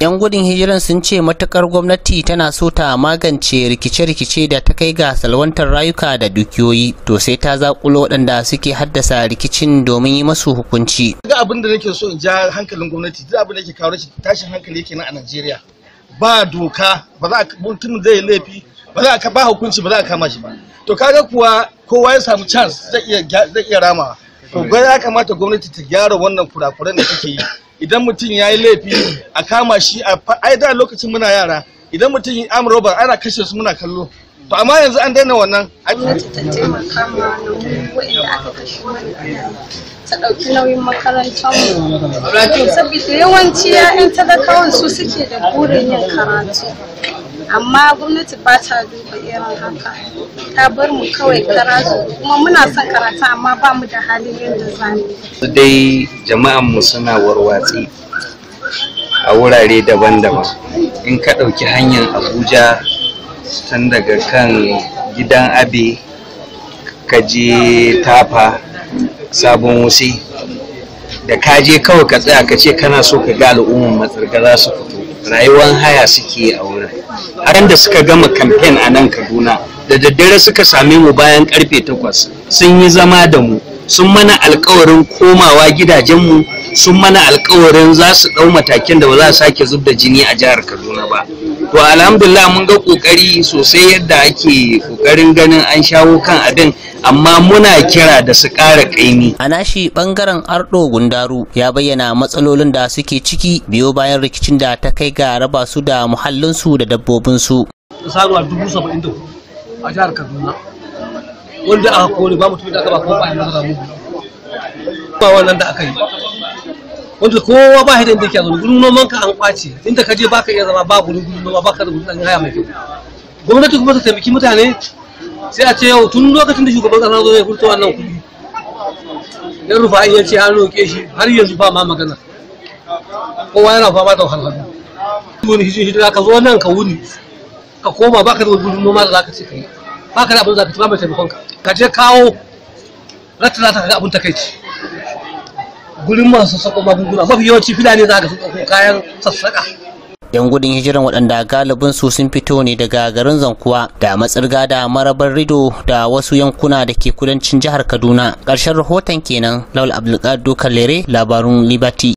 'Yan gudun hijiran sun ce matukar gwamnati tana so ta magance rikice-rikice da ta kai ga salwantar rayuka da dukiyoyi to sai ta zakulo waɗanda suke haddasa rikicin domin yi masu hukunci. Ga abin da nake so in ja hankalin gwamnati, duk abin da yake kawo rashin tashin hankali yake nan a Najeriya. Ba doka, ba za a mutum zai yi laifi, ba za a ba hukunci, ba za a kama shi ba. To kaga kuwa kowa ya samu chance zai iya zai iya ramawa. To ya kamata gwamnati ta gyara wannan kurakuran da take yi. idan mutum ya yi laifi a kama shi a ai da lokacin muna yara idan mutum yi am robar ana kashe su muna kallo to amma yanzu an daina wannan gwamnati ta taimaka ma wa'inda aka kashe ta ɗauki nauyin makarantar mu saboda yawanci 'ya'yan talakawan su suke da burin yin karatu amma gwamnati ba ta duba irin haka ta bar mu kawai karatu kuma muna son karatu amma ba mu da halin yadda za mu dai jama'an mu suna warwatsi a wurare daban-daban in ka ɗauki hanyar abuja tun daga kan gidan abe ka je tafa sabon wusi da ka je kawai ka tsaya ka ce kana so ka ga al'umman matsarga za su fito Rayuwan haya suke a wurin har da suka gama kamfen a nan kaduna da daddare suka same mu bayan karfe takwas sun yi zama da mu sun mana alkawarin komawa gidajenmu sun mana alkawarin za su ɗau matakin da ba za a sake zub da jini a jihar kaduna ba to alhamdulillah mun ga ƙoƙari sosai yadda ake ƙoƙarin ganin an shawo kan abin amma muna kira da su ƙara ƙaimi. A nashi ɓangaren Ardo Gundaru ya bayyana matsalolin da suke ciki biyo bayan rikicin da ta kai ga raba su da muhallinsu da dabbobinsu. a jihar Kaduna wanda aka kore ba mutum da aka ba kuma ba a zura ba wannan da aka yi wanda kowa ba hidin da ke zuwa gudun noman ka an kwace inda ka je baka iya zama ba gudun gudun noma ka da gudun haya mai kyau gwamnati kuma ta taimaki mutane sai a ce yau tun lokacin da shugaban kasa zo ya furta wannan kuɗi ya rufa iya ce an roƙe shi har yanzu ba ma magana kowa yana fama da wahalhalu wani hijin hijira ka zo nan ka wuni ka koma baka da gudun noma da ka ce ka yi ba ka da abin zaka ba mai taimakon ka je kawo rata za ta ga abin takaici gurin masu sako magunguna mafi yawanci filani za ka sako kayan sassaka yan gudun hijiran waɗanda galibin su sun fito ne daga garin zankuwa da matsirga da marabar rido da wasu yankuna da ke kudancin jihar kaduna ƙarshen rahoton kenan laul abdulkadu lere labarun liberty